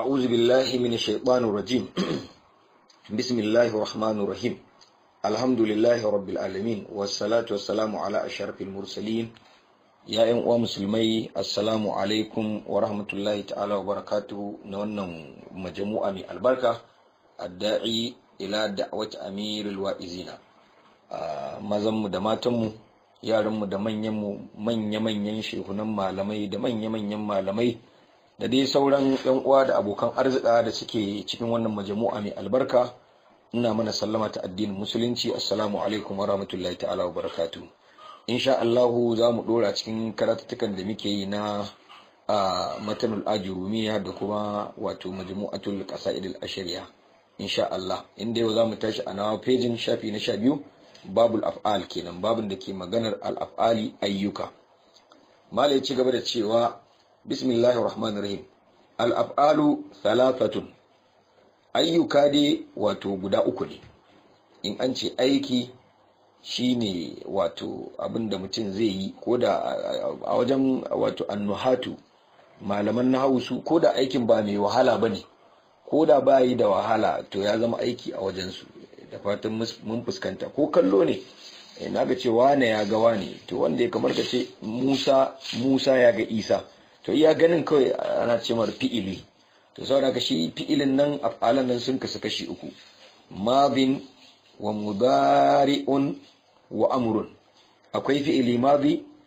أعوذ بالله من الشيطان الرجيم بسم الله الرحمن الرحيم الحمد لله رب العالمين والصلاة والسلام على أشرف المرسلين ya uwa musulmai assalamu alaikum wa rahmatullahi ta'ala wa barakatu. na wannan majamu'a mai albarka adda'i ila da da'awat amirul wa'izina mazanmu da matanmu yaranmu da manyanmu manya-manyan shehunan malamai da manya-manyan malamai da dai sauran yan uwa da abokan arzika da suke cikin wannan majamu'a mai albarka ina mana sallama ta addinin musulunci assalamu alaikum wa rahmatullahi ta'ala wa barakatuh insha Allah za mu dora cikin karatutukan da muke yi na matanul ajurumiya da kuma wato majmu'atul qasaidil al ashariya insha Allah inda yau za mu tashi a nawa pejin shafi na sha biyu babul af'al kenan babin da ke maganar al af'ali ayyuka mala ya ci gaba da cewa bismillahir rahmanir rahim al'af'alu salafatun ayyuka dai wato guda uku ne in an ce aiki shine wato abinda mutum zai yi ko da a wajen wato annuhatu malaman na hausu ko da aikin ba mai wahala ba ne ko da ba yi da wahala to ya zama aiki a wajen su. da fatan mun fuskanta ko kallo ne eh, na cewa ce ya ga ne. to wanda ya kamar ka ce musa musa ya ga isa to iya ganin kawai ana ce mara fi'ili to sau ka shi fi'ilin nan af'alan nan sun kasu kashi uku mabin wa mudari'un wa amurun akwai fi'ili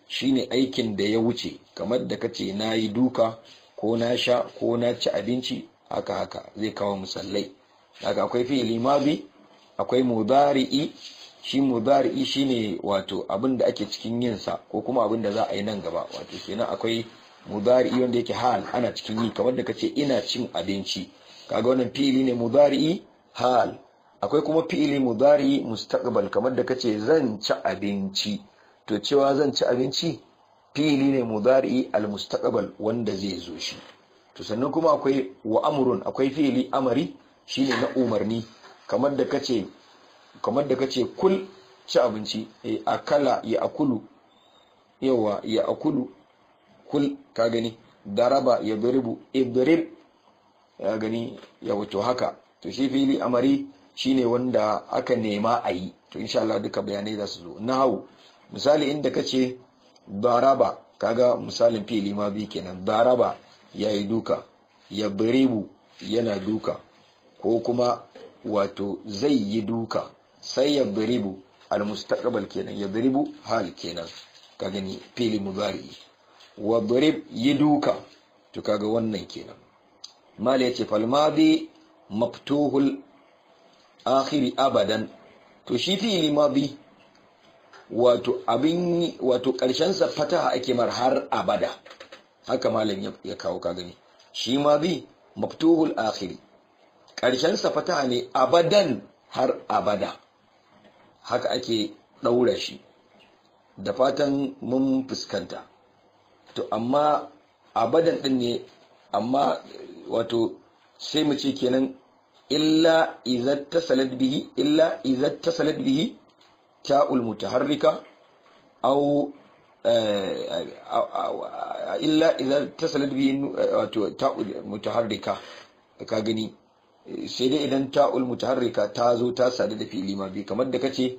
shi ne aikin da ya wuce kamar da ka ce na yi duka ko na sha ko na ci abinci haka haka zai kawo musallai haka akwai fi'ili mabi akwai mudari'i shi mudari'i shine wato abin da ake cikin yinsa ko kuma abin da za a yi nan gaba wato shi akwai mudari'i wanda yake hal ana cikin yi kamar da kace ina cin abinci kaga wannan fi'ili ne mudari'i hal akwai kuma fi'ili mudari'i mustaqbal kamar da kace zan ci abinci to cewa zan ci abinci fi'ili ne mudari'i al mustaqbal wanda zai zo shi to sannan kuma akwai wa amrun akwai fi'ili amari shine na umarni kamar da kace kamar da kace kul ci abinci e akala ya akulu yawa ya akulu kul ka gani daraba ya biribu ya gani ya wato haka to shi fili amari shine wanda aka nema a yi to insha Allah duka bayanai za su zo nahu misali inda kace daraba kaga misalin fili ma bi kenan daraba yayi duka ya biribu yana duka ko kuma wato zai yi duka sai ya biribu al mustaqbal kenan ya biribu hal kenan ka gani fili mubari wa durib yi duka to kaga wannan kenan mala yace fal madi maftuhul akhiri abadan to shi fi'ili madi wato abin wato karshen sa fataha ake mar har abada haka malam ya kawo ka gani shi madi maftuhul akhiri karshen sa fataha ne abadan har abada haka ake daura shi da fatan mun fuskanta to amma abadan din ne amma wato sai mu ce kenan illa idza tasalat bihi illa idza tasalat bihi ta'ul mutaharrika aw eh, illa idza tasalat bihi wato ta'ul mutaharrika ka gani sai dai idan ta'ul mutaharrika ta zo ta sadu da fili ma bi kamar da kace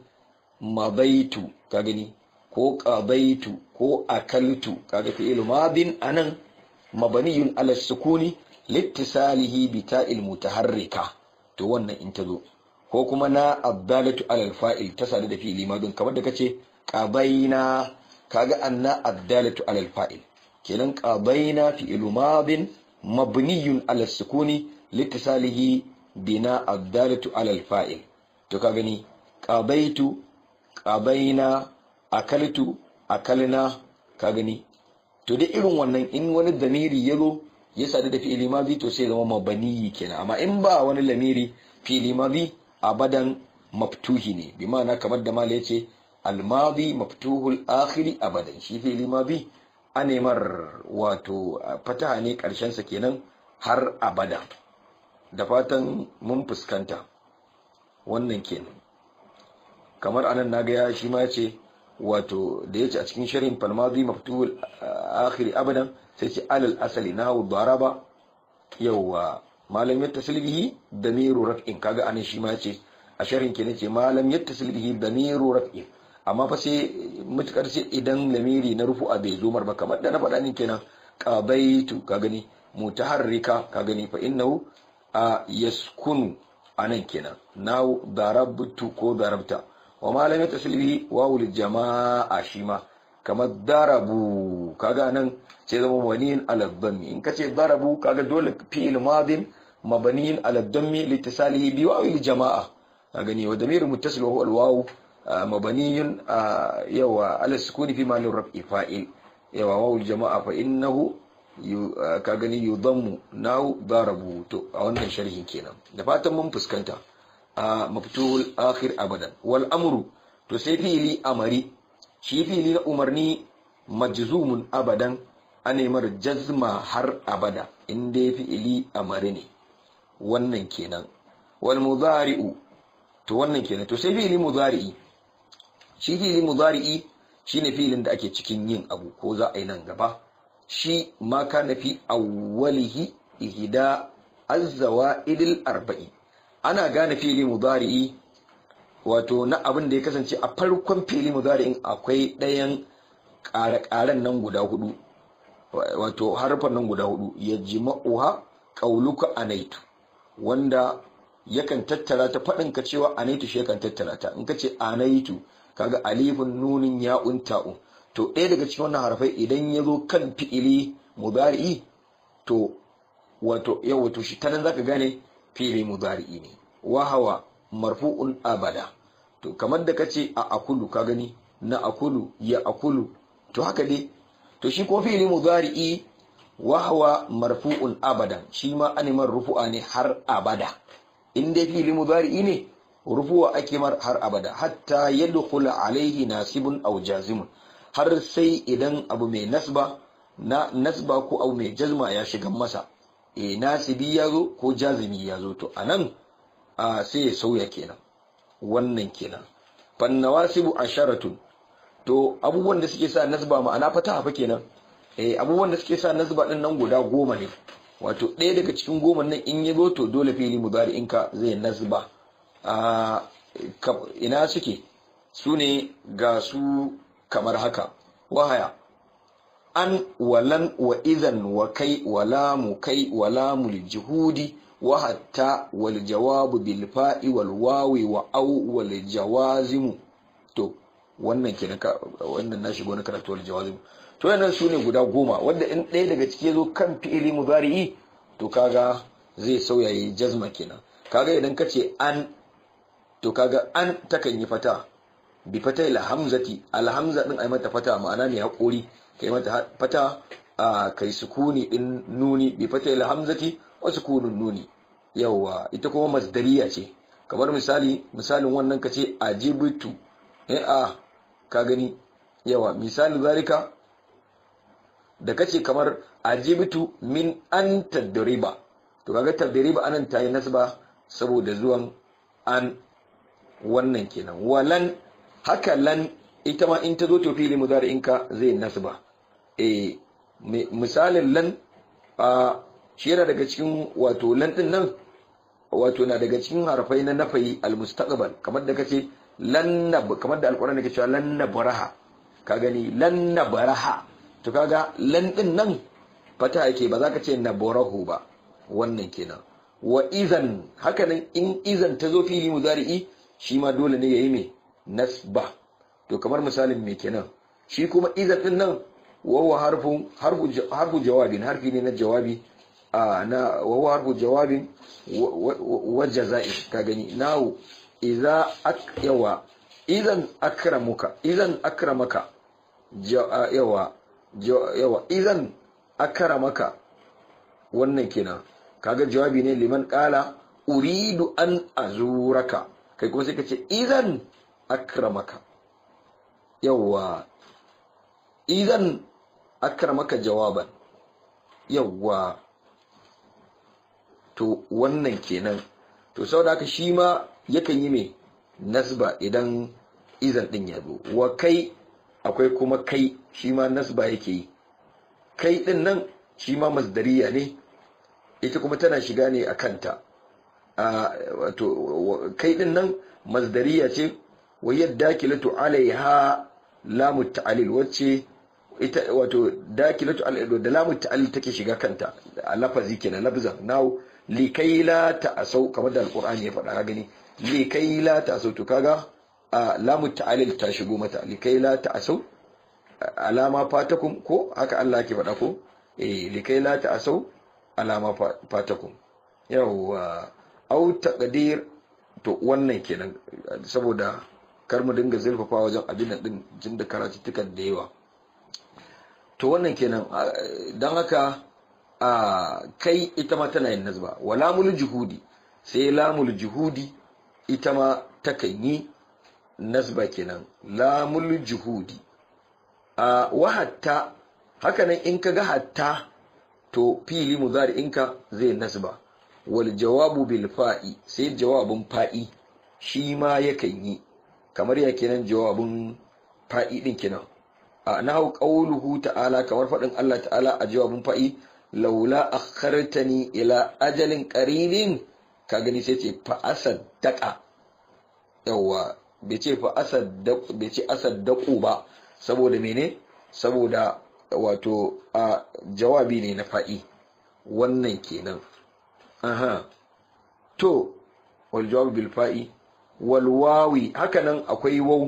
mabaitu ka gani ko ƙabaitu ko akaltu kaga fi'il madin anan mabaniyun ala sukuni littisalihi bi ta'il mutaharrika to wannan in tazo ko kuma na addalatu ala fa'il ta sadu da fi'il madin kamar da kace ce, kaga anna addalatu ala fa'il kenan ƙabaina fi'il madin mabniyun ala sukuni littisalihi bina addalatu ala fa'il to ka gani ƙabaitu ƙabaina. A a akalina ka gani to dai irin wannan in wani damiri ya zo ya sadu da fi'ili mazi to sai zama mabaniyi kenan amma in ba wani lamiri fi'ili mazi abadan maftuhi ne bi ma'ana kamar da mala yace al-madi maftuhul akhiri abadan shi fi'ili mazi anemar wato fataha ne karshen sa kenan har abada da fatan mun fuskanta wannan kenan kamar anan naga ya shi ma yace wato da ya yace a cikin sharhin falmadi maftuhul akhiri abadan sai ce alal asali na nahu ba. yawa malam silbihi da damiru raf'in kaga anan shi ma ce a sharhin ke nace malam silbihi da damiru raf'in amma fa sai mutukar sai idan lamiri na rufu a bai zomar ba kamar da na faɗa ni kenan qabaitu ka gani mutaharrika ka gani fa innahu a yaskunu anan kenan na darabtu ko darabta wa ma lam yatasil bihi wawul jama'a shi ma kamar darabu kaga nan ce zama mabaniyin ala dhammi in kace darabu kaga dole fi'il madin mabaniyin ala dhammi litasalihi bi wawil jama'a kaga ne wa damir muttasil wa huwa al-waw ah, mabaniyin ah, yawa ala sukuni fi ma'anar raf'i fa'il yawa wawul jama'a fa innahu ah, ka gani yudammu na'u, darabu to a wannan sharhin kenan da fatan mun fuskanta a maftuhul akhir abadan wal amru to sai fi'ili amari shi fili na umarni majzumun abadan anemar jazma har abada in dai fi'ili amari ne wannan kenan wal Muzari'u to wannan kenan to sai fi'ili mudari'i shi fi'ili mudari'i shine filin da ake cikin yin abu ko za a yi nan gaba shi ma kana fi awwalihi ihda azzawa idil arba'in. ana gane fili mudari'i wato na abin da ya kasance a farkon fili mudari'in akwai ɗayan ƙare-ƙaren nan guda hudu wato harfan nan guda hudu ya ƙauluka ƙauluka anaitu wanda yakan tattara ta faɗin ka cewa anaitu shi yakan tattara ta in ka ce anaitu kaga alifin nunin ya'un ta'u to ɗaya daga cikin wannan harafai idan ya zo kan fi'ili mudari'i to wato yau wato shi ta nan zaka gane fi'li mudari'i ne wahawa hawa marfu'un abada to kamar da kace a akulu ka gani na akulu ya akulu to haka dai to shi ko fi'li mudari'i wa hawa marfu'un abadan shi ma animar rufu'a ne har abada in dai fi'li mudari'i ne rufuwa ake mar har abada hatta yadkhula alaihi nasibun aw jazimun har sai idan abu mai nasba na nasba ko abu mai jazma ya shiga masa e nasibi ya zo ko jazimi ya zo to anan a sai ya sauya kenan wannan kenan fan nawasibu asharatun to abubuwan da suke sa nasba ma'ana fata hafa kenan eh abubuwan da suke sa nasba din nan guda goma ne wato ɗaya daga cikin goma nan in ya zo to dole fili mudari in ka zai nasba a ina suke sune ga su kamar haka wahaya an walan wa idan wa kai wala mu kai wala lamu jihudi wa hatta wal jawabu bil fa'i wal wawi wa aw wal jawazimu to wannan kenan wannan na shigo na karatu wal jawazimu to yana su ne guda goma wanda in ɗaya daga ciki zo kan fi'ili mudari'i to kaga zai sauya yi jazma kenan kaga idan kace an to kaga an takan yi fata bi fata hamzati alhamza din ai mata fata ma'ana ne haƙori kai mata fata a kai sukuni din nuni bi fata ila hamzati wa sukunun nuni yawa ita kuma masdariya ce kamar misali misalin wannan kace ajibtu eh a ka gani yawa misali zalika da kace kamar ajibtu min an tadriba to kaga tadriba anan tayi nasba saboda zuwan an wannan kenan walan haka lan ita ma in ta zo to fili mudari'inka zai nasba e misalin lan a shi yana daga cikin wato lan din nan wato na daga cikin harfai na nafayi almustaqbal kamar da kace lan nab kamar da alqur'ani ke cewa lan nabaraha ka gani lan nabaraha to kaga lan din nan fata yake ba za ka ce nabarahu ba wannan kenan wa haka nan in izan ta zo fili muzari'i shi ma dole ne yayi me nasba to kamar misalin me kenan shi kuma izan din nan wawa harfin harfin jawabin harfi ne na jawabi a na wawa harfin jawabin wajja za'i ka gani nawo idza yawa idan akramuka idan akramaka yawa yawa idan akramaka wannan kenan kaga jawabi ne liman qala uridu an azuraka kai kuma sai ka ce idan akramaka yawa idan akramaka jawaban yawwa to wannan kenan to saboda haka shi ma yakan yi mai nasba idan izan din ya zo wa kai akwai kuma kai shi ma nasba yake yi kai din nan shi ma masdariya ne ita kuma tana shiga ne a kanta wato kai din nan masdariya ce wa yadda kilatu alaiha lamu ta'alil wacce ita wato dakilatu al'adu da lamun ta'alli take shiga kanta a lafazi kenan nabza now likai la ta'asau kamar da alqur'ani ya faɗa ka gani likai la ta'asau to kaga lamun ta'alil ta shigo mata likai la ta'asau alama fatakum ko haka Allah yake faɗa ko eh likai la ta'asau alama fatakum yawa au taqdir to wannan kenan saboda kar mu dinga zurfafa wajen abin nan din jin da karatuttukan da yawa to wannan kenan don haka a kai ita ma tana yin nazba wa lamul juhudi sai lamul juhudi ita ma takan yi nazba kenan lamul juhudi a wa hatta hakanan in ka ga hatta to fili muzari ka, zai nasba wal jawabu bil fa'i sai jawabun fa'i shi ma yakan yi kamar ya kenan jawabun fa'i din kenan nahu qawluhu ta'ala kamar fadin Allah ta'ala a jawabin fa'i laula akhartani ila ajalin qaribin ka gani sai ce fa asaddaqa yawa bai ce fa asaddaqu bai ce asaddaqu ba saboda mene saboda wato a jawabi ne na fa'i wannan kenan aha to wal jawab bil fa'i wal wawi hakanan akwai waw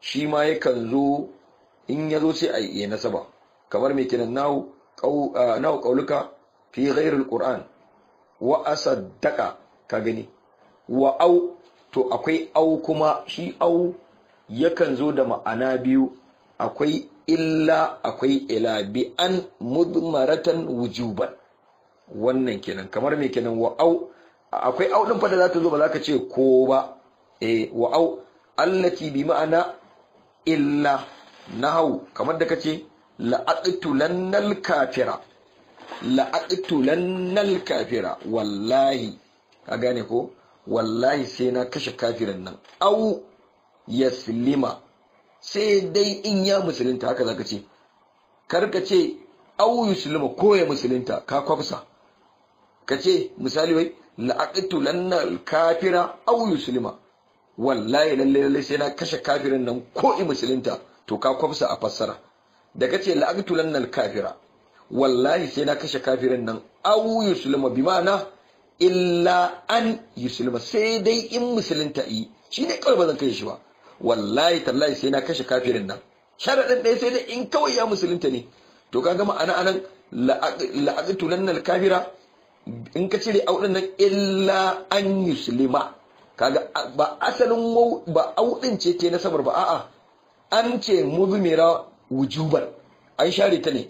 shi ma yakan zo in ya zo sai a yi nasaba kamar mai kinan nahu nahu qauluka fi ghairil Kur'an. wa asaddaka ka gani wa au to akwai au kuma shi au yakan zo da ma'ana biyu akwai illa akwai ila bi an mudmaratan wujuban wannan kenan kamar mai kenan wa au akwai au din fata za ta zo ba za ka ce ko ba eh wa au allati bi ma'ana illa nahau kamar da kace la'aqtulannal kafira la'aqtulannal kafira wallahi ka gane ko wallahi sai na kashe kafirin nan au yaslima sai dai in ya musulunta haka zaka ce ka ce au yuslima ko ya musulunta ka kwafsa ka ce misali wai la'aqtulannal kafira au yuslima wallahi lalle lalle sai na kashe kafirin nan ko i musulunta to ka kwafsa a fassara da ce la'aqtulanna al-kafira wallahi sai na kashe kafirin nan aw yuslima bi ma'ana illa an yuslima sai dai in musulunta yi shi ne kawai ba zan kashe shi ba wallahi tallahi sai na kashe kafirin nan sharadin ɗaya sai dai in kawai ya musulunta ne to ka gama ana anan la'aqtulanna al-kafira in ka cire au nan illa an yuslima kaga ba asalin ba audin ce ke sabar ba a'a an ce Muzumira wujubar an share ta ne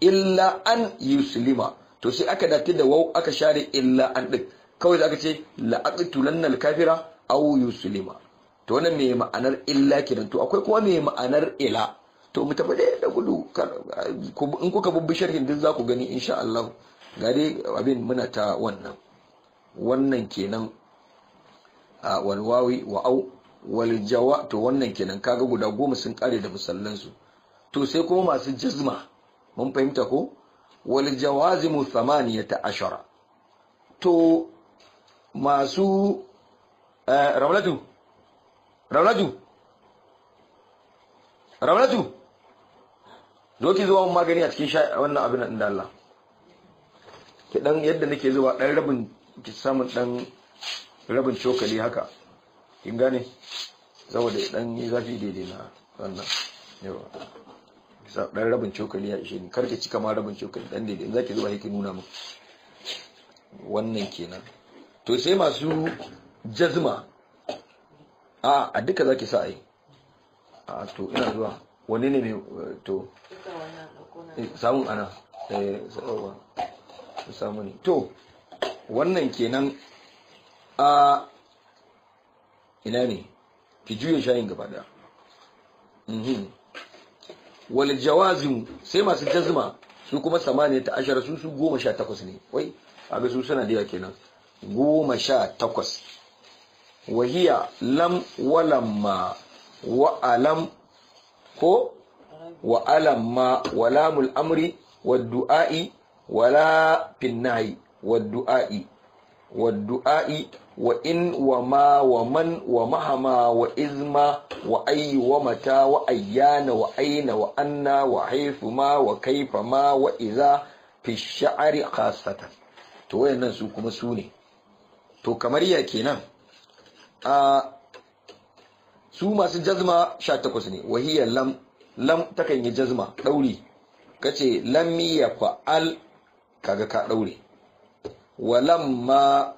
illa an yuslima to sai aka dace da wau aka share illa an din kawai za ka ce la'aqtulanna al-kafira aw yuslima to wannan me ma'anar illa kenan to akwai kuma mai ma'anar ila to mu tafi da gudu in kuka bubbi sharhin duk za ku gani insha Allah gare abin muna ta wannan wannan kenan a walwawi wa au Waljawa jawa to wannan kenan kaga guda goma sun kare da musallansu to sai kuma masu jazma mun fahimta ko wal jawazimu thamaniyata ashara to masu eh, ramlatu ramlatu ramlatu zo ki zuwa magani a cikin wannan abin da Allah kidan yadda nake zuwa dan rabin ki samu dan rabin cokali haka kin gane saboda dan yi zafi daidai na wannan yawa kisa dan rabin cokali ya ishe ni kar ki cika ma rabin cokali dan daidai in zaki zuwa yake nuna mu wannan kenan to sai masu jazma a a duka zaki sa ai a to ina zuwa wani ne mai to eh, samun ana eh samun to wannan kenan a ina ne ki juye shayin gaba daya mhm. wal jawazim sai masu jazma su kuma samaniya ta ashara su su goma sha takwas ne wai abin su suna da yawa kenan goma sha takwas wahiya lam ma wa alam ko wa alam ma amri wa du'a'i wala finnahi wa wa du'a'i wa in wa ma wa man wa mahama wa izma wa ayi wa mata wa ayyana wa aina wa anna wa haifu ma wa kaifa ma wa iza fi sha'ari kasata. to wayannan su kuma su ne to kamar ya kenan a su masu jazma 18 ne wahiyar lam lam takan yi jazma dauri kace lam ya fa'al kaga ka daure ma.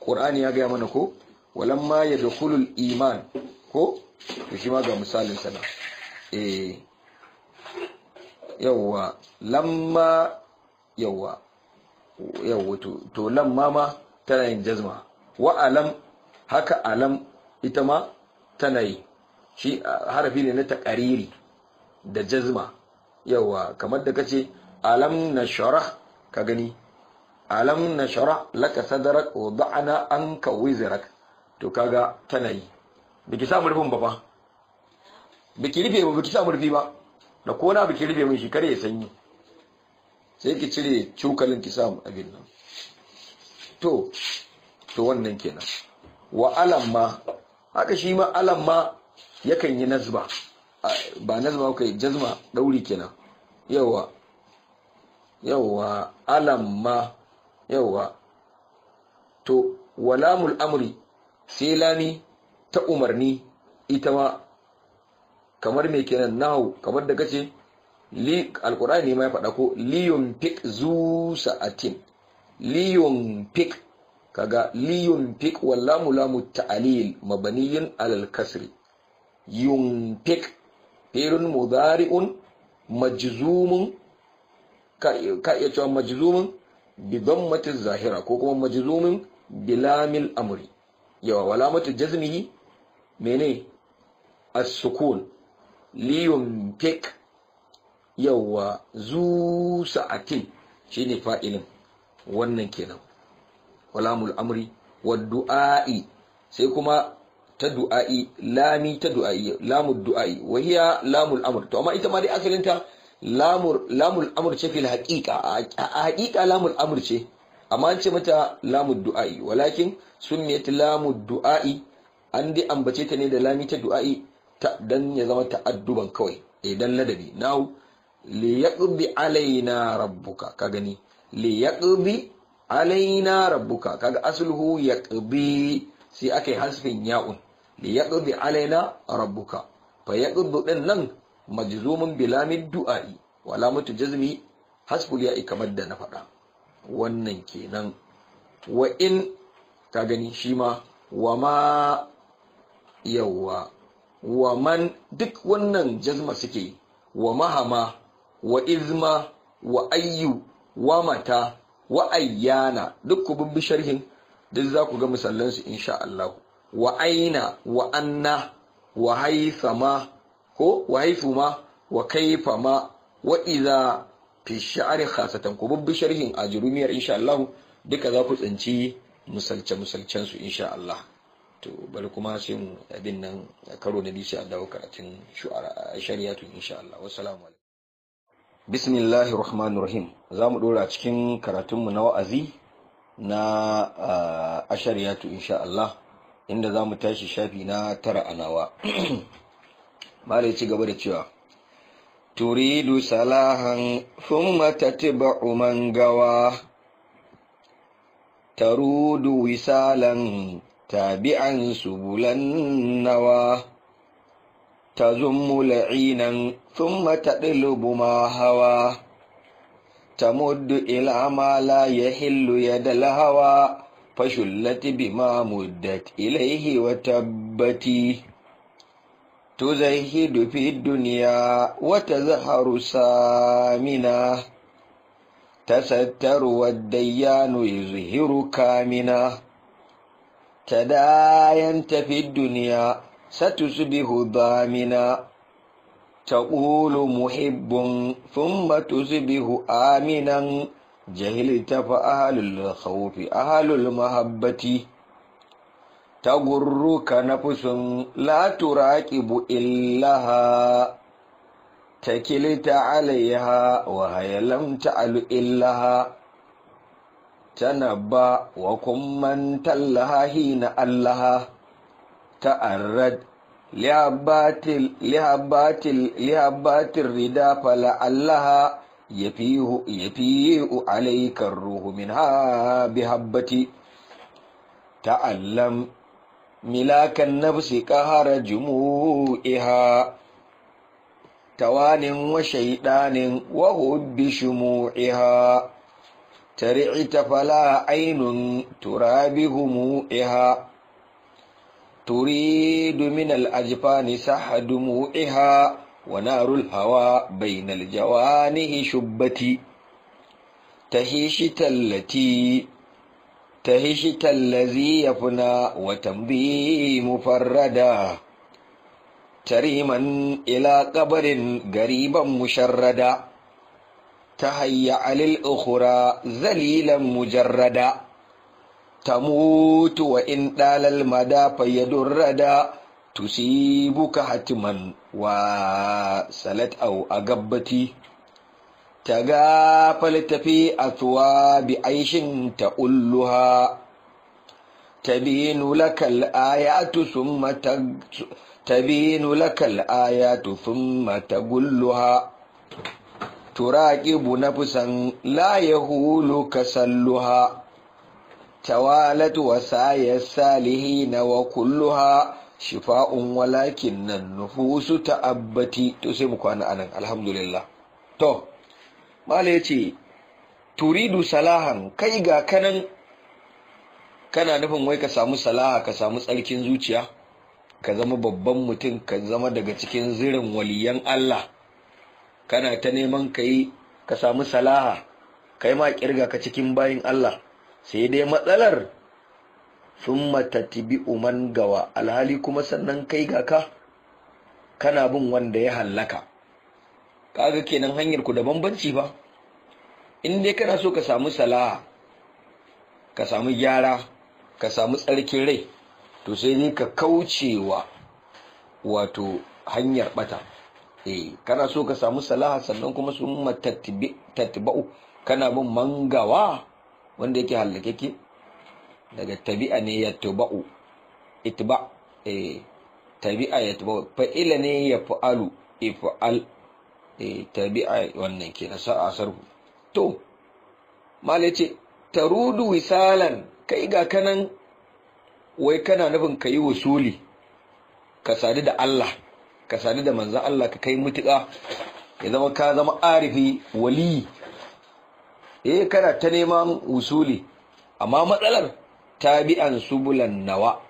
qur'ani ya gaya mana ko walamma kulul iman ko da shi ma ga misalin sana E, eh. yawwa lamma yawwa yawwa to, lamma ma tana yin jazma wa alam haka alam ita ma tana yi shi harafi ne na takariri da jazma yawwa kamar da kace alam na shara ka gani alam shara laka sadrak wa da'ana anka wizrak to kaga tana yi biki samu rufin ba fa biki rufe ba biki samu rufi ba da kona biki rufe mun shi ya sanyi sai ki cire cokalin ki samu abin nan to to wannan kenan wa alam ma haka shi ma alam ma yakan yi nazba ba nazba kai jazma dauri kenan yawa yawa alam ma Yauwa, to walamul amri sai lami ta umarni ita ma kamar me kenan nahu kamar da kace li alqur'ani ma ya faɗa ko liyun fik zu sa'atin liyun fik kaga liyun fik walamu lamu ta'lil mabaniyin alal kasri yun fik fi'lun mudari'un majzumun ka iya cewa majzumun bi zahira ko kuma majzumin bilamil amri yawa walamatu jazmihi mene as-sukun li yunfik yawa zu sa'atin shine fa'ilin wannan kenan walamul amri wa du'a'i sai kuma ta du'a'i lami ta du'a'i lamu du'a'i wa hiya lamul amr to amma ita ma dai asalin ta lamul amurce fil haƙiƙa a haƙiƙa lamul amurce ce amma an ce mata lamul du'a'i walakin sunniyat lamul du'a'i an dai ambace ta ne da lami ta du'a'i dan ya zama ta'adduban kawai idan eh, ladabi now li yaqbi alaina rabbuka ka gani li yaqbi alaina rabbuka kaga asluhu yaqbi sai aka yi hasfin ya'un li yaqbi alaina rabbuka fa yaqbi din nan majzumun bilamin du'a'i wala mutu jazmi hasbul ya'i kamar da na faɗa wannan kenan wa in ka gani shi ma wa ma yawwa wa man duk wannan jazma suke wa mahama wa izma wa ayyu wa mata wa ayyana duk ku bibbi sharhin duk za ku ga musallansu insha Allah wa aina wa anna wa haifama. ko wa haifu ma wa kaifa ma wa iza fi sha'ari khasatan ku bubbi sharhin a jurumiyar insha Allah duka za ku tsinci musalce musalcen su insha Allah to bari kuma sai mu abin nan karo na biyu sai a dawo karatun shari'atu insha Allah wassalamu alaikum bismillahi rahmanir rahim za mu dora cikin karatunmu na wa'azi na ashariyatu insha Allah inda za mu tashi shafi na tara a nawa mari cigaba da cewa turidu salahan fumma tatba'u man gawa tarudu wisalan tabi'an subulan nawa tazummu la'inan fumma tadlubu ma hawa tamuddu ila ma la yahillu yadal hawa fashullati bima muddat ilayhi wa tabbati تزهد في الدنيا وتزهر سامنا تستر والديان يزهر كامنا تداينت في الدنيا ستصبح ضامنا تقول محب ثم تصبح آمنا جهلت فأهل الخوف أهل المحبة تغرك نفس لا تراقب إلاها تكلت عليها وهي لم تعل إلاها تنبأ وكم من تلها حين ألها تأرد لهبات الرداء فلعلها يفيه يفيء عليك الروح منها بهبتي تعلم ملاك النفس كهر جموئها توان وشيطان وهب شموعها ترعت فلا عين ترى بهموئها تريد من الأجفان سح دموئها ونار الهوى بين الجوانه شبتي تهيشت التي تهشت الذي يفنى وتمضي مفردا تريما إلى قبر قريبا مشردا تهيأ للأخرى ذليلا مجردا تموت وإن طال المدى فيد الردى tusibbuka hatiman wa salat au agabbati ta ga falitafi a tuwa bi aishin ta ulluha ta binu lakal aya tufin mata gulluha Tura bu na fusan laye hulu kasalluha tawalat wasayar salihi na wa kulluha shifa'un walakin nan nufusu ta abbati to sai mu kwana anan alhamdulillah to mala ya ce turidu salahan kai ga kanan kana nufin wai ka samu salaha ka samu tsarkin zuciya ka zama babban mutum ka zama daga cikin zirin waliyan Allah kana ta neman ka yi ka samu salaha kai ma kirga ka cikin bayin Allah sai dai matsalar sun matatibi uman gawa alhali kuma sannan kai ga ka kana bin wanda ya hallaka kaga kenan hanyar ku da bambanci ba in dai kana so ka samu salaha ka samu gyara ka samu tsarkin rai to sai ne ka kaucewa wato hanyar bata eh kana so ka samu salaha sannan kuma sun matattiba'u kana bin mangawa wanda yake hallakeke daga tabi'a ne ya tuba'u itba eh tabi'a ya tuba'u fa'ila ne ya fa'alu ifa'al E, tabi'a wannan ke na sa'a sarku to malai ce tarudu wisalan kai ga kanan wai kana nufin ka yi wasuli ka sadu da Allah ka sadu da manzan Allah ka kai mutuƙa ya zama ka zama arifi wali eh kana ta neman wasuli. amma matsalar tabi'an subulan nawa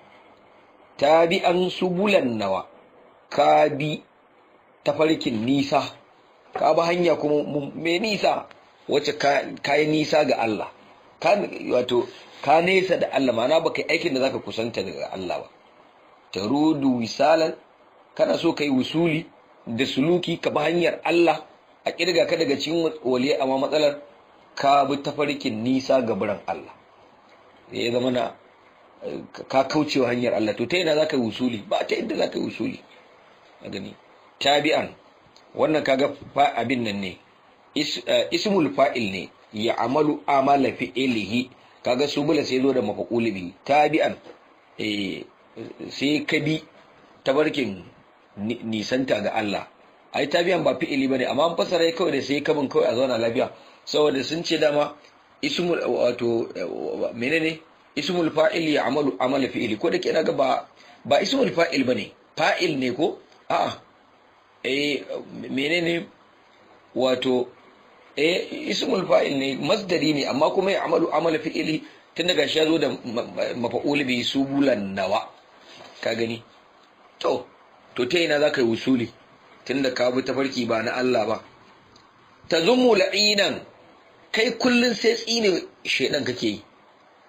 tabi'an subulan nawa ka bi tafarkin nisa ka ba hanya kuma mai nisa wacce ka yi nisa ga Allah wato ka nesa da Allah ma'ana baka yi aikin da za ka kusanta daga Allah ba Ta rudu wisalar kana so ka yi wusuli da suluki ka ba hanyar Allah a kirga ka daga cikin waliya a matsalar ka bi tafarkin nisa ga biran Allah ya zama na ka kaucewa hanyar Allah to ta yana zaka wusuli ba ta ka zaka wusuli a gani tabi'an wannan kaga fa abin nan ne eh, ismul fa'il ne ya amalu amala fi'ilihi kaga su bula sai zo da mafaqul bi tabi'an eh sai kabi tabarkin nisanta ga Allah ai tabi'an ba fi'ili bane amma an fasara kawai da sai kabin kawai a zauna lafiya saboda sun ce dama ismul wato menene ismul fa'il ya amalu amala fi'ili ko da ke ga ba ba ismul fa'il bane fa'il ne ko a'a eh menene wato eh ismul fa'il ne masdari ne amma kuma ya amalu amala fi'ili tun daga shi ya zo da mafa'ul bi subulan nawa ka gani to to ta ina ka yi wusuli tun da ka bi farki ba na Allah ba Ta tazumu la'inan kai kullum sai tsine shedan kake yi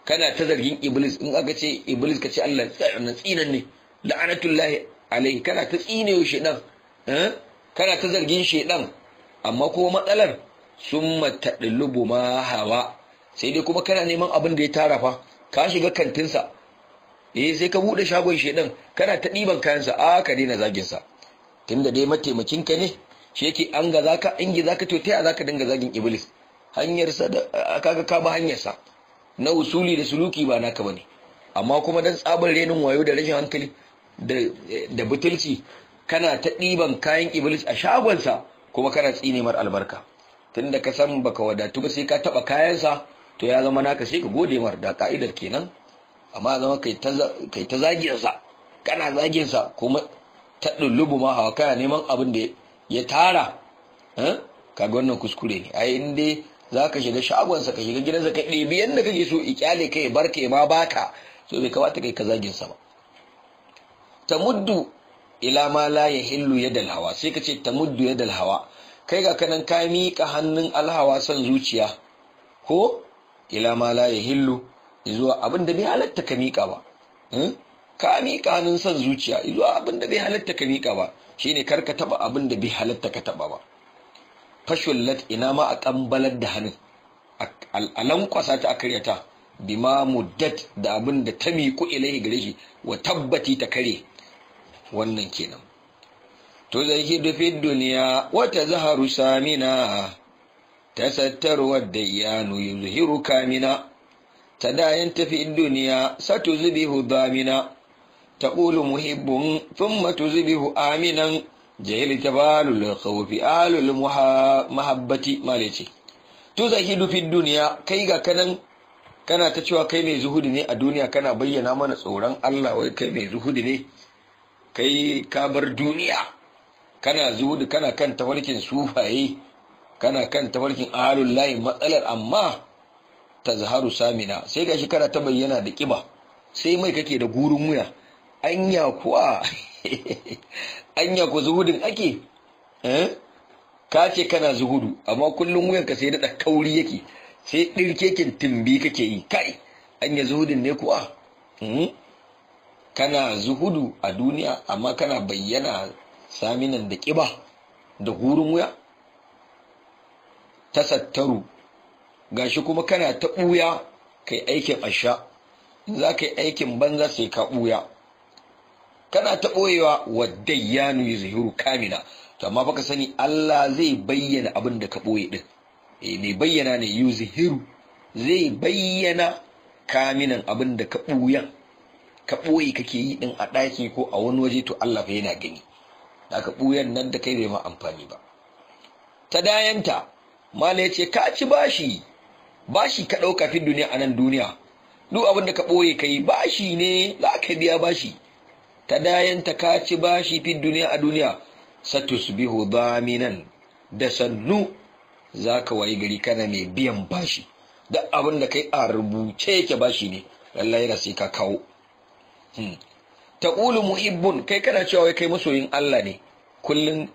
kana ta zargin iblis in aka ce iblis ka ce Allah tsinan ne la'anatullahi alaihi kana ta tsine shedan Eh? kana ta zargin shaidan amma kuma matsalar sun lubu ma hawa sai dai kuma kana neman abin da ya tara fa ka shiga kantinsa E, sai ka buɗe shagon shaidan kana ta ɗiban kayansa a ka daina zaginsa tunda dai mataimakin ka ne shi yake an ga zaka an ka zaka to za zaka dinga zagin iblis hanyarsa da kaga ka ba hanyarsa na usuli da suluki ba naka bane amma kuma dan tsabar renin wayo da rashin hankali da da kana ta ɗiban kayan iblis a shagonsa kuma kana tsine mar albarka tunda ka san baka wadatu ba sai ka taba kayansa to ya zama naka sai ka gode mar da ka'idar kenan amma zama kai ta zagiyarsa kana zaginsa kuma ta ɗullubu ma hawa kana neman abin da ya tara Ka eh? kaga kuskure ne ai in dai ka shiga shagonsa ka shiga gidansa ka ɗebi ka kake so ikyale kai barke ma baka so bai kamata kai ka zaginsa ba Ta muddu. ila ma la ya hillu yadal hawa sai ka ce muddu yadal hawa kai ga kanan ka miƙa hannun alhawa son zuciya ko ila ma la ya hillu zuwa abin da bai halatta ka miƙa ba hmm? ka miƙa hannun son zuciya zuwa abin da bai halatta ka miƙa ba shine kar ka taba abin da bai halatta ka taba ba fashullat ina ma a kambalar da hannun a lankwasa ta a karyata bima muddat da abin da ta miƙu ilaihi gare shi wa tabbati ta kare wannan kenan to zahidu fi duniya wata zaharu samina tasattarwar da iyanu zuhiru kamina tadayan tafi duniya satuzibihu damina taqulu muhibbun thumma tuzibihu aminan jahil tabalul khawfi alul mahabbati malice to zahidu fi duniya kai ga kanan kana ta cewa kai mai zuhudi ne a duniya kana bayyana mana tsoron Allah wai kai mai zuhudi ne kai ka bar duniya kana zuhudu kana kan tafarkin sufaye kana kan tafarkin ahalun layin matsalar amma ta zaharu samina sai ga shi kana ta bayyana da ƙiba sai mai kake da gurin wuya anya kuwa anya ku zuhudin ake eh? ka ce kana zuhudu amma kullum wuyanka sai da kauri yake sai dirkekin timbi kake yi kai anya zuhudin ne kuwa hmm? kana zuhudu a duniya amma kana bayyana saminan da ƙiba da hurin wuya ta sattaru gashi kuma kana ta ɓuya kai aikin asha za ka yi aikin banza sai ka ɓuya kana ta ɓoyewa wadda ya nuyi zuhiru kamina to amma baka sani Allah zai bayyana abin da ka ɓoye ɗin E, mai bayyana ne yuzihiru zai bayyana kaminan abin da ka ɓuyan ka ɓoye kake yi ɗin a ɗaki ko a wani waje to Allah fa yana gani da ka ɓuyan nan da kai bai ma amfani ba ta dayanta mala ya ce ka ci bashi bashi ka ɗauka fi duniya a nan duniya duk abin da ka ɓoye ka yi bashi ne za ka biya bashi ta dayanta ka ci bashi fi duniya a duniya Satus satusbihu Baminan da sannu za ka wayi gari kana mai biyan bashi duk abin da kai a rubuce yake bashi ne lallai da sai ka kawo Hmm. taqulu muhibbun kai kana cewa wai kai masoyin Allah ne kullun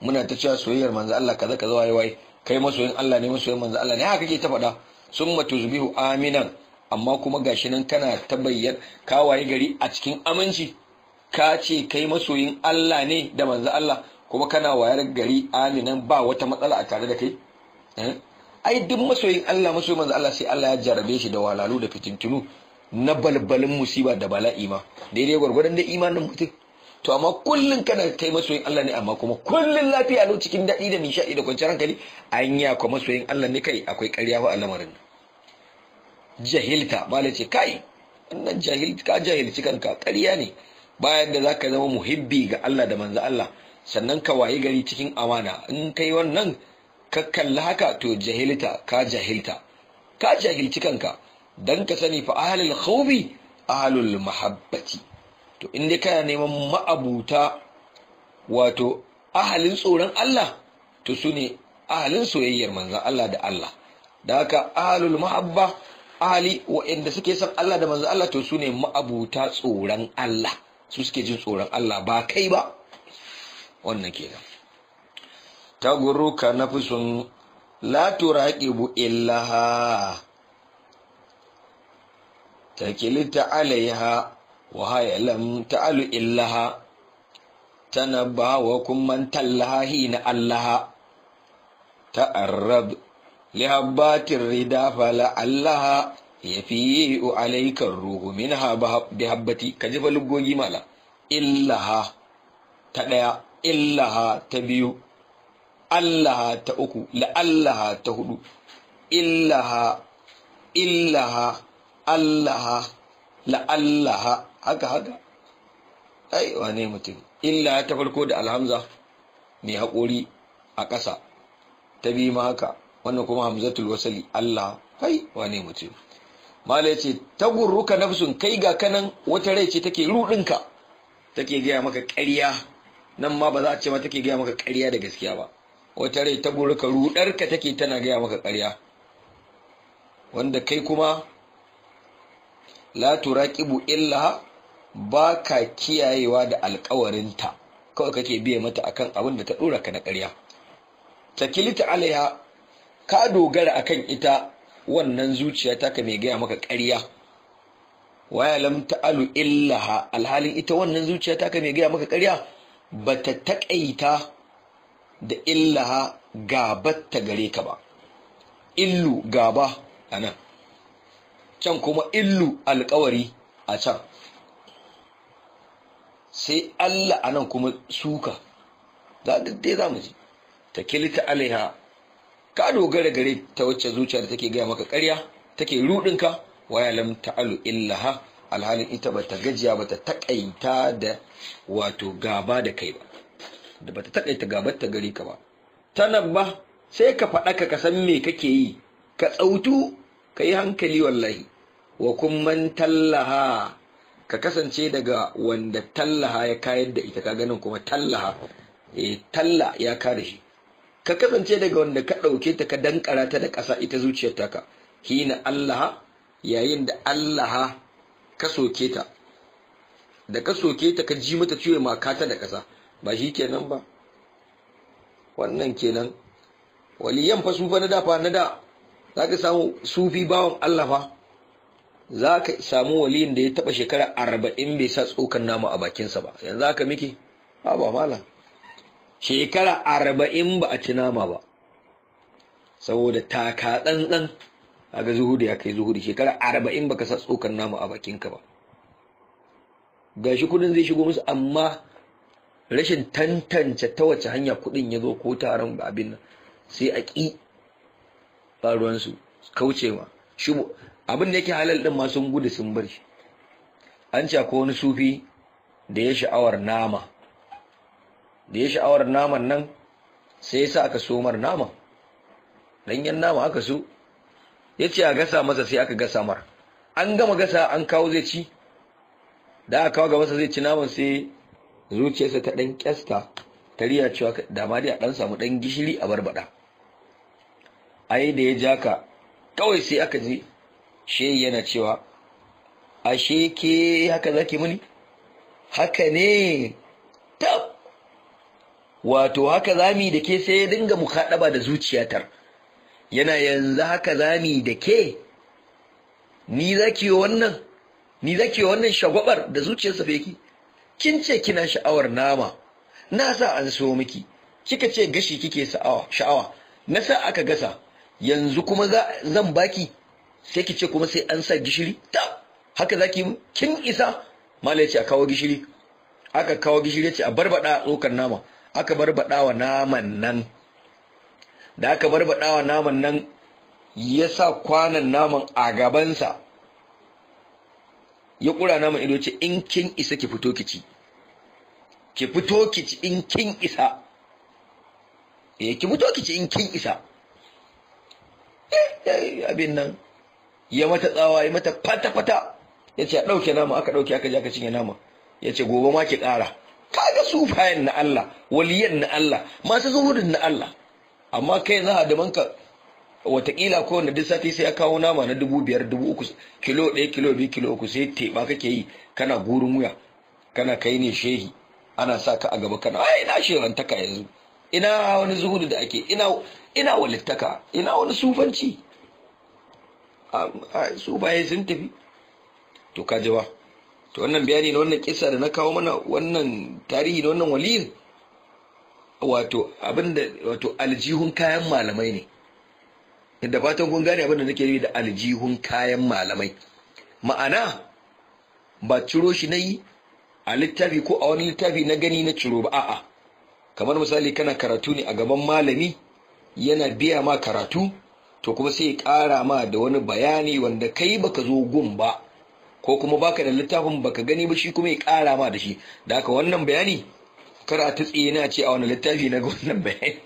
muna ta cewa soyayyar manzo Allah kaza kaza wai wai kai masoyin Allah ne masoyin manzo Allah ne haka kake ta faɗa summa tuzbihu aminan amma kuma gashi nan kana ta bayyana kawaye gari a cikin aminci ka ce kai masoyin Allah ne da manzo Allah kuma kana wayar gari aminan ba wata matsala a tare da kai eh? ai duk masoyin Allah masoyin manzo Allah sai Allah ya jarabe shi da walalu da fitintunu na balbalin musiba da bala'i ma daidai gwargwadon da imanin mutum to amma kullum kana kai masoyin Allah ne amma kuma kullum lafiya lau cikin daɗi da nishaɗi da kwanciyar hankali an ya kwa masoyin Allah ne kai akwai ƙarya fa a lamarin jahilta ba ce kai wannan jahilta ka jahilci kanka ƙarya ne bayan da zaka zama muhibbi ga Allah da manzo Allah sannan ka wayi gari cikin amana in kai wannan ka kalla haka to jahilta ka jahilta ka jahilci kanka dan ka sani fa ahlul khawfi ahlul mahabbati to in dai kana neman ma'abuta wato ahalin tsoron Allah to su ne ahalin soyayyar manzan Allah da Allah da haka ahalul mahabba ahali wa'inda suke son Allah da manzan Allah to su ne ma'abuta tsoron Allah su suke jin tsoron Allah ba kai ba wannan kenan ta guru ka sun la turaqibu illaha takilita alaiha wa hayalam ta'alu illaha tana kun man tallaha na allaha ta'arrab li habbatir ya fala allaha yafi'u alayka ruhu minha bi habbati kajibal gogi mala illaha ta daya illaha ta biyu allaha ta uku la allaha ta huɗu. illaha illaha la la'allaha haka haka ai wane mutum illa ta farko da alhamza mai haƙori a ƙasa ta bi ma haka wannan kuma hamzatul wasali allah kai wane mutum mala ya ce tagurruka nafsun kai ga kanan wata rai ce take rudinka take gaya maka ƙarya nan ma ba za a ce ma take gaya maka ƙarya da gaskiya ba wata rai tagurruka ruɗarka take tana gaya maka ƙarya wanda kai kuma la turaqibu illa ba ka kiyayewa da alkawarinta kawai kake biya mata akan abin da ta dora ka na ƙarya takilita alaiha ka dogara akan ita wannan zuciya taka mai gaya maka ƙarya waya lam ta'alu illaha alhalin ita wannan zuciya taka mai gaya maka ƙarya bata taƙaita da illaha gabatta gare ka ba illu gaba anan can kuma illu alkawari a can sai Allah a nan kuma suka za a dai za mu ji ta kilita alaiha ka dogara gare ta wacce zuciya da take gaya maka karya, take rudinka waya lam ta'alu illaha alhalin ita bata gajiya bata takaita da wato gaba da kai ba da bata takaita gabar ta gari ka ba tanan ba sai ka faɗa ka san me kake yi ka tsautu ka yi hankali wallahi wa kumman tallaha ka kasance daga wanda tallaha ya kayar da ita ka ganin kuma tallaha e talla ya kare shi ka kasance daga wanda ka ɗauke ta ka dankara ta da ƙasa ita zuciyar taka hina allaha yayin da allaha ka soke ta da ka soke ta ka ji mata ciwo ma ka ta da ƙasa ba shi kenan ba wannan kenan waliyan fa su fa na da fa na da zaka samu sufi bawon Allah fa za ka samu waliyin da ya taba shekara arba'in bai sa tsokan nama a bakinsa ba yanzu haka miki ba ba mala shekara arba'in ba a ci nama ba saboda taka tsantsan ga zuhudu ya kai zuhudu shekara arba'in ba ka sa tsokan nama a bakinka ba gashi kudin zai shigo musu amma rashin tantance ta wace hanya kudin ya zo ko taron abin nan sai a ƙi ba ruwansu kaucewa abin da yake halal din ma sun gudu sun bari an ce akwai wani sufi da ya sha'awar nama da ya sha'awar naman nan sai ya sa aka somar nama ɗanyen nama aka so ya ce a gasa masa sai aka gasa mar an gama gasa an kawo zai ci da aka kawo ga masa zai ci naman sai zuciyarsa ta ɗan kyasta ta riya cewa da ma dai a ɗan samu ɗan gishiri a barbada ai da ya ja ka kawai sai aka je. she yana cewa ashe ke haka zaki muni haka ne tab wato haka zami da ke sai ya dinga mukaɗaba da zuciyatar yana yanzu haka zami da ke ni zaki wannan ni zaki wannan shagwabar da zuciyarsa feki kin ce kina sha'awar nama na sa an so miki kika ce gashi kike sha'awa na sa aka gasa yanzu kuma zan baki sai ki ce kuma sai an sa gishiri ta haka zaki kin isa malai ce a kawo gishiri aka kawo gishiri ce a barbada tsokar nama aka barbada wa naman nan da aka barbada wa naman nan ya sa kwanan naman a gabansa ya kura naman ido ce in kin isa ki fito ki ci ki fito ki ci in kin isa eh ki fito ki ci in kin isa Eh, eh abin nan ya mata tsawa ya mata fata fata ya ce a ɗauke nama aka ɗauke aka je aka cinye nama ya ce gobe ma ki ƙara kaga sufayen na Allah waliyan na Allah masu zuhudin na Allah amma kai za a ka. watakila ko wanda duk sati sai ya kawo nama na dubu biyar dubu uku kilo ɗaya kilo biyu kilo uku sai teɓa kake yi kana gurin wuya kana kai ne shehi ana sa ka a gaba kana ai ina shirantaka yanzu ina wani zuhudu da ake ina ina walittaka ina wani sufanci su baye sun tafi to ka jawa to wannan bayani na wannan kisa da na kawo mana wannan tarihi da wannan waliyin wato abinda wato aljihun kayan malamai ne da fatan kun gane abinda nake yi da aljihun kayan malamai ma'ana ba ciro shi na yi a littafi ko a wani littafi na gani na ciro ba a'a kamar misali kana karatu ne a gaban malami yana biya ma karatu to kuma sai ya ƙara ma da wani bayani wanda kai baka zo gun ba ko kuma baka da littafin baka gani ba shi kuma ya kara ma da shi da haka wannan bayani kar a tutsi yana ce a wani littafi na wannan bayani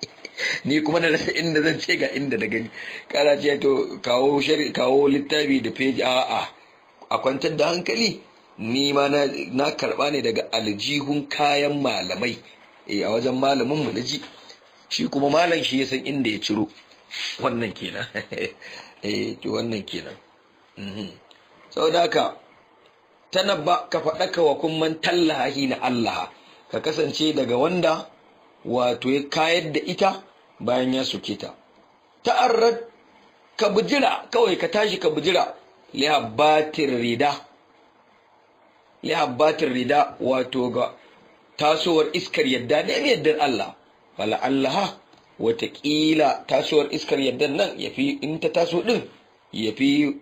ni kuma na rasa inda zan ce ga inda da gani kara ce to kawo shari kawo littafi da feji a a a kwantar da hankali ni ma na na karba ne daga aljihun kayan malamai E, a wajen malamin mu naji shi kuma malam shi ya san inda ya ciro wannan kenan eh to wannan kenan mhm. saboda haka tanabba ka faɗaka wa kumman tallahi na Allah ka kasance daga wanda wato ya kayar da ita bayan ya suke ta ta'arrad ka bujira kawai ka tashi ka bujira lihabbatin rida habatir rida wato ga tasowar iskar yadda ne yaddar Allah wala Allah wataƙila tasowar iskar yardan nan ya fi in ta taso ɗin ya fi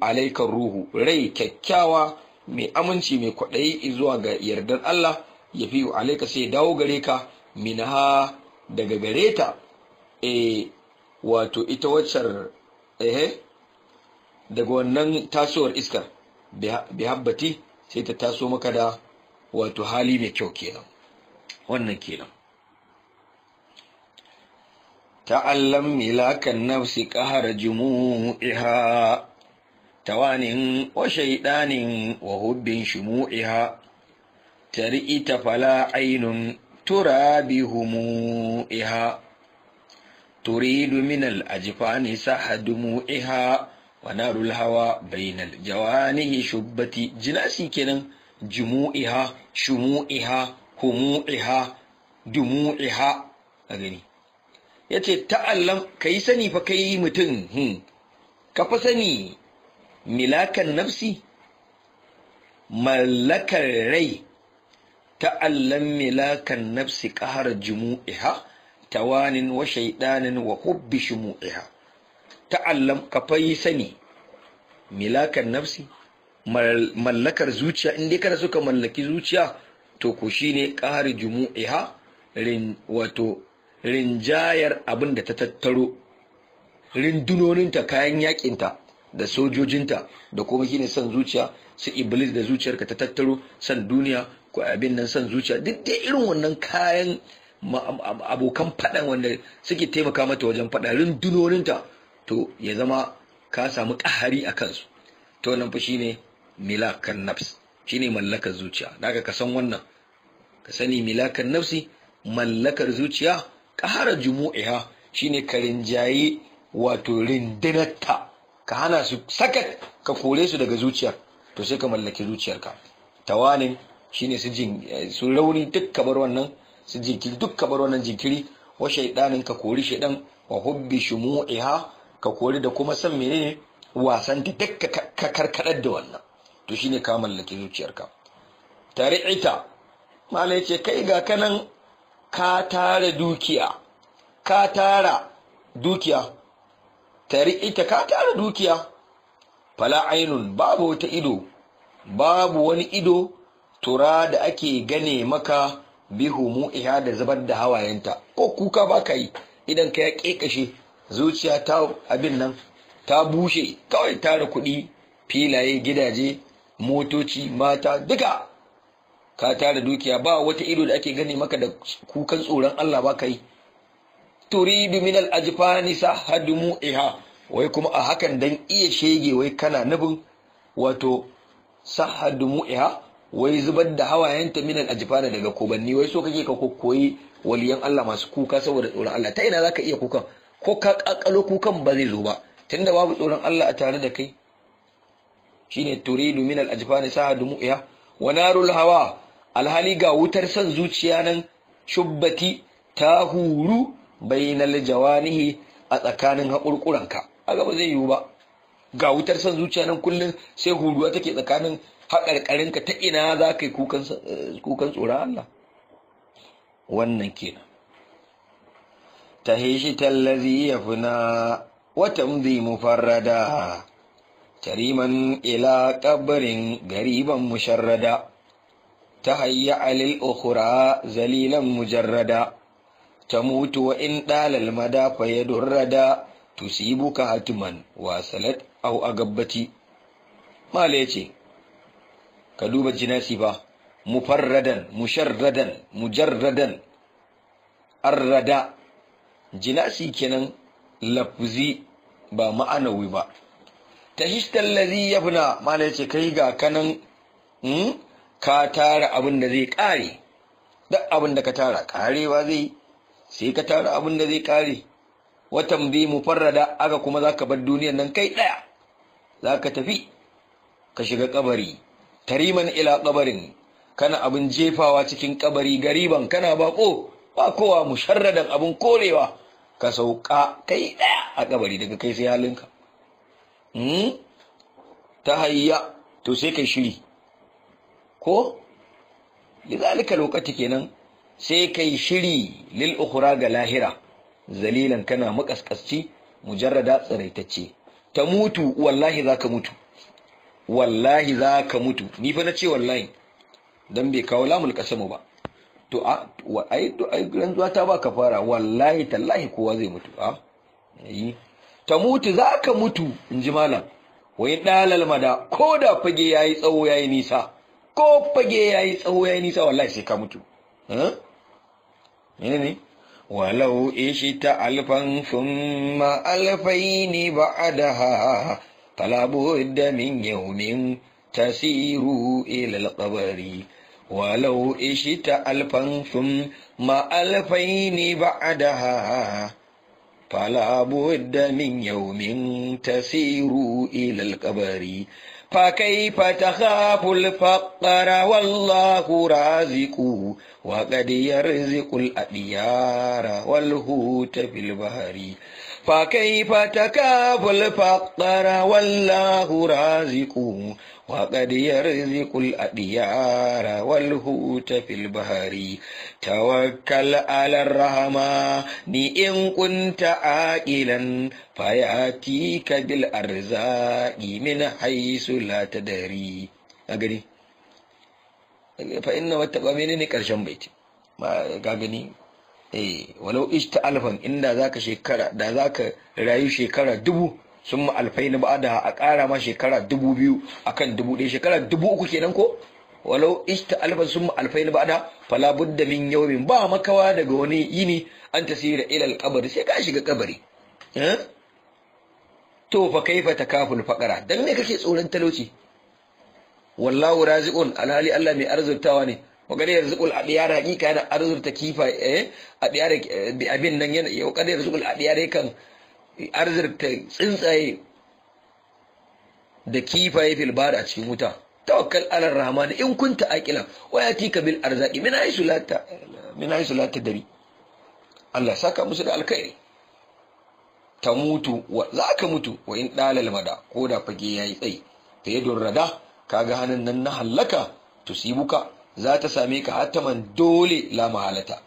alaikar ruhu rai kyakkyawa mai aminci mai kwaɗayi zuwa ga yardar Allah ya fi u alaika sai dawo gare ka minaha daga gare ta e wato ita waccar ehe daga wannan tasowar iskar bi habbati sai ta taso maka da wato hali mai kyau kenan wannan kenan تعلم ملاك النفس قهر جموعها توان وشيطان وهب شموعها ترئت فلا عين ترى بهموئها تريد من الأجفان سح دموعها ونار الهوى بين الجوانه شبة جناسي كنا جموعها شموعها هموئها دموعها أغني Ya yace ta'allam yi sani fa kai mutum hmm ka fa sani milakan nafsi mallakar rai ta'allam milakan nafsi qahar ta tawanin wa shaidanin wa hubbi ha? ta'allam ka fa yi sani milakan nafsi mallakar zuciya in dai suka mallaki zuciya to ko shine qahar jumu'iha rin wato rinjayar abin da ta tattaro rindunoninta kayan yakinta da sojojinta da kuma shine san zuciya su iblis da zuciyarka ta tattaro san duniya ko abin nan son zuciya duk dai irin wannan kayan abokan faɗan wanda suke taimaka mata wajen faɗa rindunoninta to ya zama ka samu kahari a kansu to wannan fa shine milakan nafs shine mallakar zuciya daga ka san wannan ka sani milakan nafsi mallakar zuciya ƙara jumu'iha shine ka rinjaye wato rindinarta ka hana su sakat ka kore su daga zuciyar to sai ka mallaki zuciyarka tawanin shine su eh, su rauni duk kabar wannan su jinkiri duk kabar wannan jinkiri wa shaidanin ka kori shaidan wa hubbi shumu'iha ka kori da kuma san menene wasan ta duk ka karkadar da wannan to shine ka mallaki zuciyarka tari'ita malai ce kai ga kanan ka tara dukiya ka tara dukiya tari ita ka tara dukiya fala ainun babu wata ido babu wani ido tura da ake gane maka bihu mu iya da zubar da hawayenta ko kuka baka yi idan ka ya ƙeƙashe zuciya ta abin nan ta bushe kawai tara kuɗi filaye gidaje motoci mata duka ka tara dukiya ba wata ido da ake gani maka da kukan tsoron Allah ba kai turidu min al ajfani sahadumu iha wai kuma a hakan dan iya shege wai kana nabin wato sahadumu iha wai zubar da hawayenta min al ajfani daga kobanni wai so kake ka koyi waliyan Allah masu kuka saboda tsoron Allah ta ina zaka iya kukan ko ka kakalo kukan ba zai zo ba tunda babu tsoron Allah a tare da kai shine turidu min al ajfani sahadumu iha wa narul hawa alhali ga wutar son zuciya nan shubbati ta huru bainal jawanihi a tsakanin haƙurƙuranka a gaba zai yiwu ba ga wutar son zuciya nan kullum sai huruwa take tsakanin haƙarƙarinka ta ina za ka yi kukan eh, tsoron Allah wannan kenan ta heshi tallazi ya funa watan zai mufarrada tariman ila ƙabarin gariban musharrada تهيأ للأخرى ذليلا مجردا تموت وإن طال المدى فيد الردى tusibuk hatiman wasalat au agabbati mala yace ka duba jinasi ba mufarradan musharradan mujarradan arrada jinasi kenan lafzi ba ma'anawi ba tahishtal ladhi yabna mala yace kai ga kanan ka tara abin da zai ƙare duk abin da ka tara ƙarewa zai sai ka tara abin da zai ƙare watan mu farrada aka kuma za ka bar duniyar nan kai ɗaya za ka tafi ka shiga kabari tariman ila kabarin kana abin jefawa cikin kabari gariban kana bako ba kowa musharradan abin korewa ka sauka kai ɗaya a kabari daga kai sai halinka hmm? ta hayya to sai kai shiri ko lizalika lokaci kenan sai kai shiri lil ukhra ga lahira zalilan kana makaskasci mujarrada tsaraitacce. ta mutu wallahi zaka mutu wallahi zaka mutu ni fa nace wallahi dan bai kawo lamul kasamu ba to a ai ai ranzuwa ta ba kafara wallahi tallahi kowa zai mutu a yi ta mutu zaka mutu inji malam wai dalal mada ko da fage yayi tsawo yayi nisa ko fage ya yi tsawo ya yi nisa wallahi sai ka mutu ne ne walau ishi ta alfan summa ne ba a da min yaumin tasiru ilal kabari. walau ishi ta alfan summa alfaini ba'daha فلا بد من يوم tasiru ilal kabari. فكيف تخاف الفقر والله رازقه وقد يرزق الأديار والهوت في البحر فكيف تكاف الفقر والله رازقه وقد يرزق الأديار والهوت في البهار توكل على الرحمن إن كنت عاقلا فيأتيك بالأرزاق من حيث لا تدري أجري فإن واتقوا مني كرشم بيتي ما gani eh walau ishta alfan inda zaka shekara ذاك رأي شكرا دبو sun ma alfaini ba da a ƙara ma shekara dubu biyu a kan dubu ɗaya shekara dubu uku kenan ko walau ista alfan sun ma alfaini ba da fala budda min yawmin ba makawa daga wani yini an tasira ila alqabri sai ka shiga kabari eh? to fa kaifa takaful faqara dan me kake tsoron talauci wallahu raziqun alhali Allah mai arzurtawa ne وقد يرزق الأبيار حقيقة أنا أرزق تكيفة أبيار بأبين نجن وقد يرزق الأبيار kan arzirta tsuntsaye da kifaye fil a cikin wuta tawakkal ala rahman in kunta aqila wa yatika bil arzaqi min haythu sulata ta min haythu la tadri Allah saka musu da alkhairi ta mutu wa ka mutu wa in dalal mada ko da fage yayi tsayi ta yadun rada ga hannun nan na hallaka tusibuka za ta same ka hatta man dole la mahalata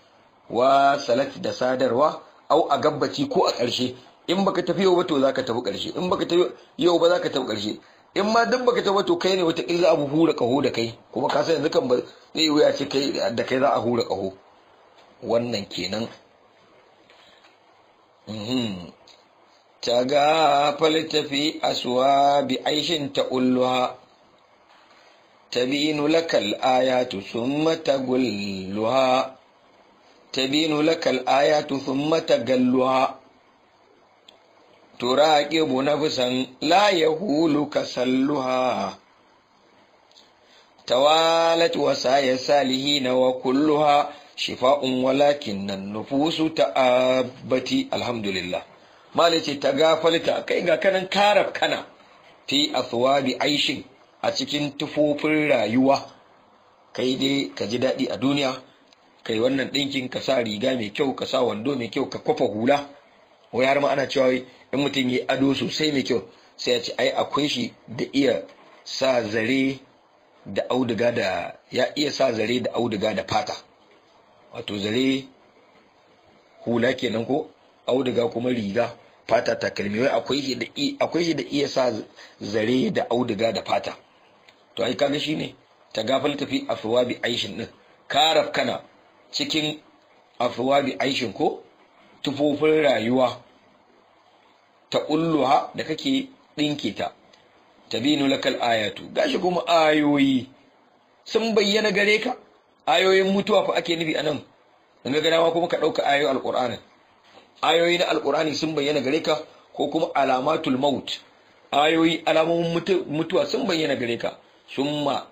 wa salat da sadarwa au a gabbaci ko a ƙarshe in baka tafi yau ba to zaka tafi karshe in baka tafi yau ba zaka tafi karshe in ma duk baka tafi to kai ne wata kila abu hura kaho da kai kuma ka san yanzu kan ba zai wuya ce kai da kai za a hura kaho wannan kenan mhm. ta ga faltafi aswa bi aishin ta ulluha تبين لك الآيات ثم تقلها تبين لك الآيات ثم تقلها turaqibu nafsan la yahulu wasa tawalat wasaya salihina wa kulluha shifa'un walakin nan nufusu abati alhamdulillah malice ta gafalta kai ga kanan karab kana fi asuwabi aishin a cikin tufofin rayuwa kai dai ka ji daɗi a duniya kai wannan ɗinkin ka sa riga mai kyau ka sa wando mai kyau ka kwafa hula wai har ma ana cewa in mutum yi ado sosai mai kyau sai ya ce ai akwai shi da iya sa zare da auduga da ya iya sa zare da auduga da fata wato zare hula kenan ko auduga kuma riga fata takalmi wai akwai shi da akwai shi da iya sa zare da auduga da fata to ai kaga shine ta gafal tafi afwabi aishin din karaf kana cikin afwabi aishin ko tufofin rayuwa taqulluha da kake ɗinke ta tabinu lakal ayatu gashi kuma ayoyi sun bayyana gare ka ayoyin mutuwa fa ake nufi anan in ga dama kuma ka ɗauka ayoyin alqur'ani ayoyi na alqur'ani sun bayyana gare ka ko kuma alamatul maut ayoyi alamomin mutuwa sun bayyana gare ka summa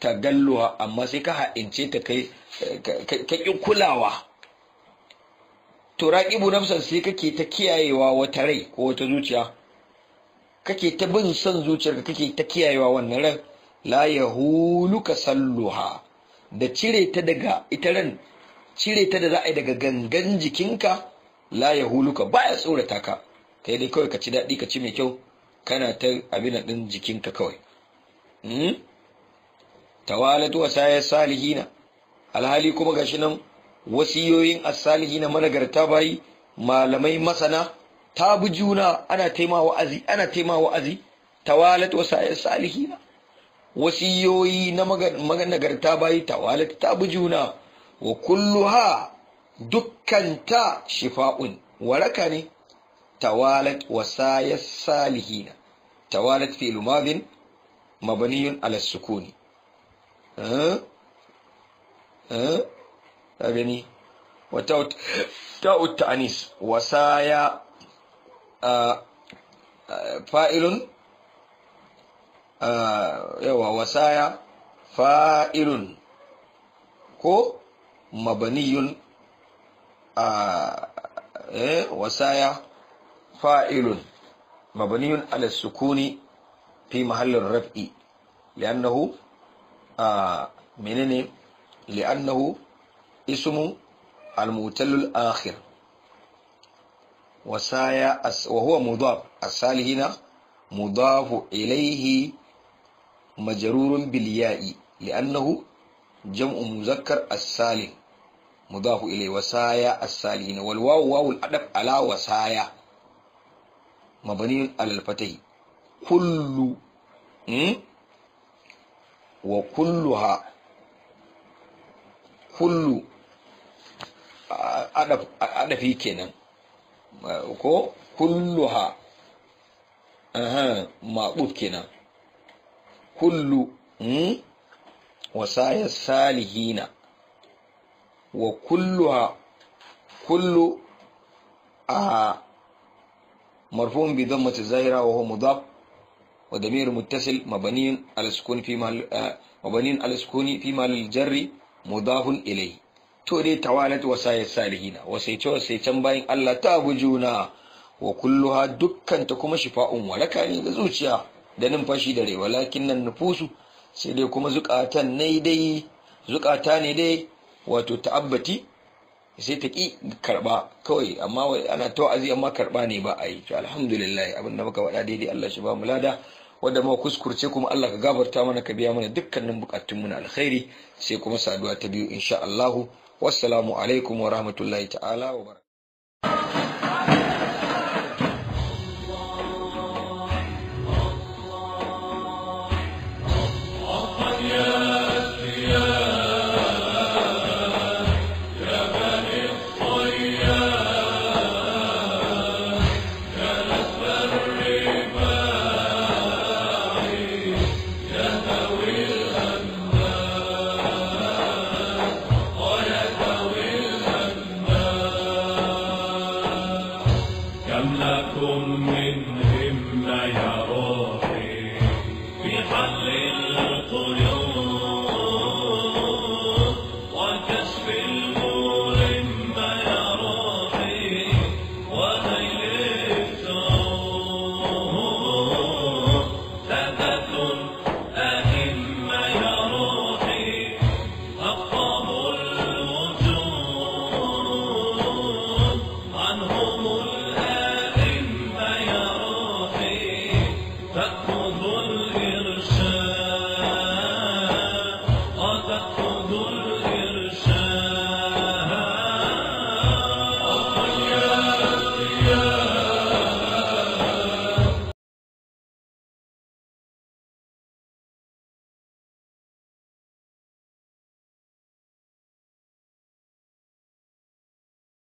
galluha. amma sai ka ha'ince ta kai ka kulawa to raƙibu nafsan sai kake ta kiyayewa wata rai ko wata zuciya kake ta bin son zuciyarka kake ta kiyayewa wannan ran la yahuluka salluha da cire ta daga ita ran cire ta da za a yi daga gangan jikinka la ka baya tsorata ka kai dai kawai ka ci daɗi ka ci mai kyau kana ta abin ɗin jikinka kawai hmm? tawalatu wa sayar salihina alhali kuma gashi nan wasiyoyin asalihi salihi na managarta bayi malamai masana ta bi juna ana taimawa wa'azi ana taimawa wa'azi tawalat wasa'il salihina wasiyoyi na managarta bayi tawalat ta bi juna wa kulluha dukkanta shifa'un waraka ne tawalat wasa'il salihina tawalat fi lumadin mabaniyun ala sukuni eh eh ka gani wata ta'ut ta'anis wasaya fa'ilun yawa wasaya fa'ilun ko mabaniyun e, wasaya fa'ilun مبني على السكون في محل الرفع لأنه آه منين لأنه ismu al akhir wasaya wa huwa mudaf as-salihina mudafu ilayhi majrurun bil ya'i li'annahu jam'u muzakkar as-salim mudafu ilayhi wasaya as-salihina wal wawu wawul ala wasaya mabni kullu hmm? wa kulluha kullu adafi kenan ko kullu ha maɓuf kenan kullu hmm, wasaya salihina wa kullu ha kullu a marfun bi don mace zahira wa homo zaf wa damir mutasil mabanin alaskuni fi mahalin jarri mudafun ilai to dai tawalat wasayat salihina wasaice wasaicen bayan Allah ta abu juna wa kulluha dukkan ta kuma shifa'un walaka ne da zuciya da numfashi da rai walakin nan nufusu sai dai kuma zukatan ne dai zukata ne dai wato ta'abbati sai ta ki karba kawai amma ana tawazi amma karba ne ba a yi to alhamdulillah abin da muka wada daidai Allah shi ba mu lada wanda ma kuskurce kuma Allah ka gafarta mana ka biya mana dukkanin bukatunmu na alkhairi sai kuma saduwa ta biyu insha Allahu wassalamu alaikum wa rahmatullahi ta'ala wa